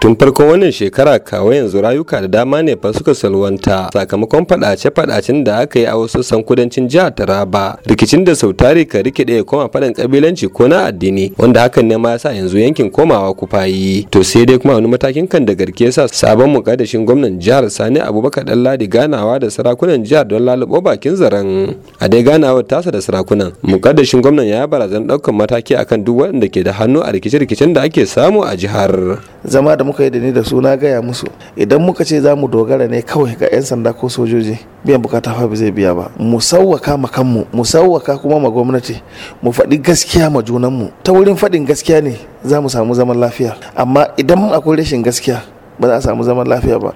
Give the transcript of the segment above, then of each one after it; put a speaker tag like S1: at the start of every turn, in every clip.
S1: tun farko, wannan shekara kawo yanzu rayuka da dama ne fa suka salwanta sakamakon fadace-fadacen da aka yi a wasu san kudancin jihar taraba rikicin da sau tari ka rikide ya koma fadan kabilanci ko na addini wanda hakan ne ma yasa yanzu yankin komawa kufayi to sai dai kuma wani matakin kan da garke yasa sabon mukaddashin gwamnan jihar sani abubakar ladi ganawa da sarakunan jihar don lalubo bakin zaren a dai ganawar tasa da sarakunan mukaddashin gwamnan ya barazan daukan mataki akan duk waɗanda ke da hannu a rikice da ake samu a jihar zama da
S2: muka yi da ni da su na gaya musu idan muka ce za mu dogara ne kawai ga 'yan sanda ko sojoji biyan bukata fa zai biya ba mu sauwaka ma kanmu mu sauwaka kuma ma gwamnati mu faɗi gaskiya ma junanmu ta wurin faɗin gaskiya ne za mu samu zaman lafiya amma idan akwai rashin gaskiya ba za a samu zaman lafiya ba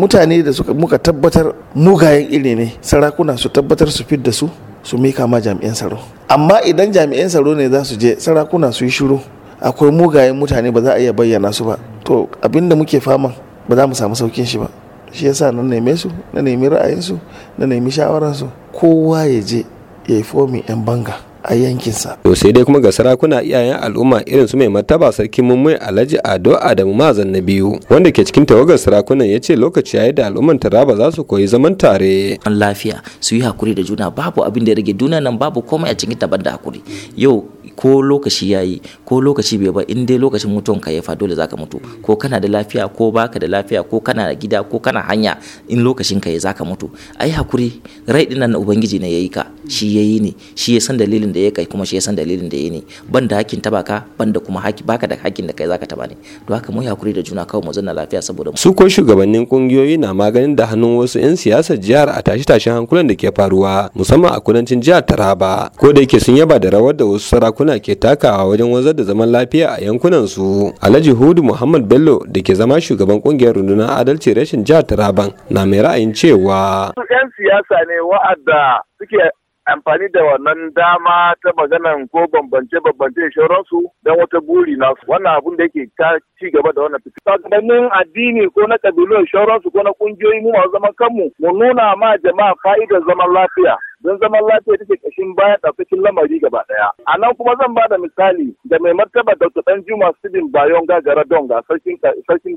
S2: mutane da suka muka tabbatar mugayen iri ne sarakuna su tabbatar su da su su mika ma jami'an tsaro amma idan jami'an tsaro ne za su je sarakuna su yi shiru akwai mugayen mutane ba za a iya bayyana su ba to abin da muke fama ba za mu samu saukin shi ba shi yasa na neme su na nemi ra'ayinsu na nemi shawararsu kowa ya je ya yi fomi 'yan banga a yankinsa.
S1: To sai dai kuma ga sarakuna iyayen al'umma irin su mai martaba sarki mummai Alhaji Ado Adamu Mazan na biyu wanda ke cikin tawagar sarakunan ya ce lokaci yayi da al'umman Taraba za su koyi
S3: zaman tare. An lafiya su yi hakuri da juna babu abin da ya rage duniya nan babu komai a cikin tabar da hakuri. Yau ko lokaci yayi ko lokaci bai ba in dai lokacin mutuwan ka ya fa dole zaka mutu ko kana da lafiya ko baka da lafiya ko kana da gida ko kana hanya in lokacin ka ya zaka mutu ai hakuri rai dinnan na ubangiji ne yayi ka shi ya yi ne shi ya san dalilin da ya kai kuma shi ya san dalilin da ya ne ban da hakkin taba ka ban da kuma haki baka da hakkin da kai zaka taba ne to haka mu hakuri da juna kawai mu zanna lafiya saboda
S1: su ko shugabannin kungiyoyi na maganin da hannun wasu yan siyasar jihar a tashi tashin hankulan da ke faruwa musamman a kudancin jihar Taraba ko da yake sun yaba da rawar da wasu sarakuna ke takawa wajen wanzar da zaman lafiya a yankunan su Alhaji Hudu Muhammad Bello da ke zama shugaban kungiyar rundunar adalci rashin jihar Taraban na mai ra'ayin cewa
S4: yan siyasa ne wa'adda suke amfani da wannan dama ta magana ko bambance-bambance da shauransu don wata buri wannan abun da yake ta ci gaba da wannan fitina. Sakamakon addini ko na kabilu shauransu ko na kungiyoyi mu masu zaman kanmu mu nuna ma jama'a fa'idar zaman lafiya. don zaman lafiya take kashin baya ɗaukacin lamari gaba ɗaya. A nan kuma zan ba da misali da mai martaba Dr. Danjuma Sidin Bayon Gagara Donga sarkin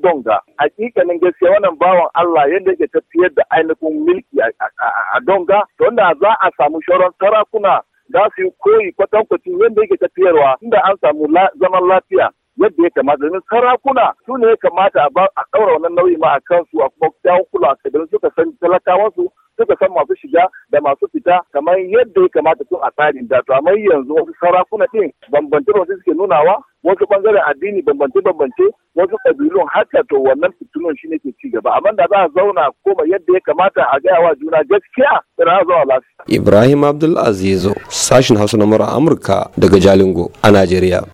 S4: Donga. Hakikanin gaskiya wannan bawan Allah yadda yake tafiyar da ainihin mulki a Donga to wanda za a samu shawara sauran sarakuna za su yi koyi kwatankwacin yadda yake tafiyarwa inda an samu zaman lafiya yadda ya kamata domin sarakuna su ne ya kamata a ɗaura wannan nauyi ma a kansu a kuma kyawun kula a domin suka san talakawansu suka san masu shiga da masu fita kamar yadda ya kamata tun a tsarin da to amma yanzu wasu sarakuna ɗin bambancin wasu suke nunawa wasu bangaren addini bambance bambance wasu kabilun haka to wannan fitilun shi ne ke ci gaba amma da za a zauna ko koma yadda ya kamata a gaya wa juna gaskiya da za a lafiya.
S1: Ibrahim Abdul Azizo sashin Hausa na Amurka daga Jalingo a Najeriya.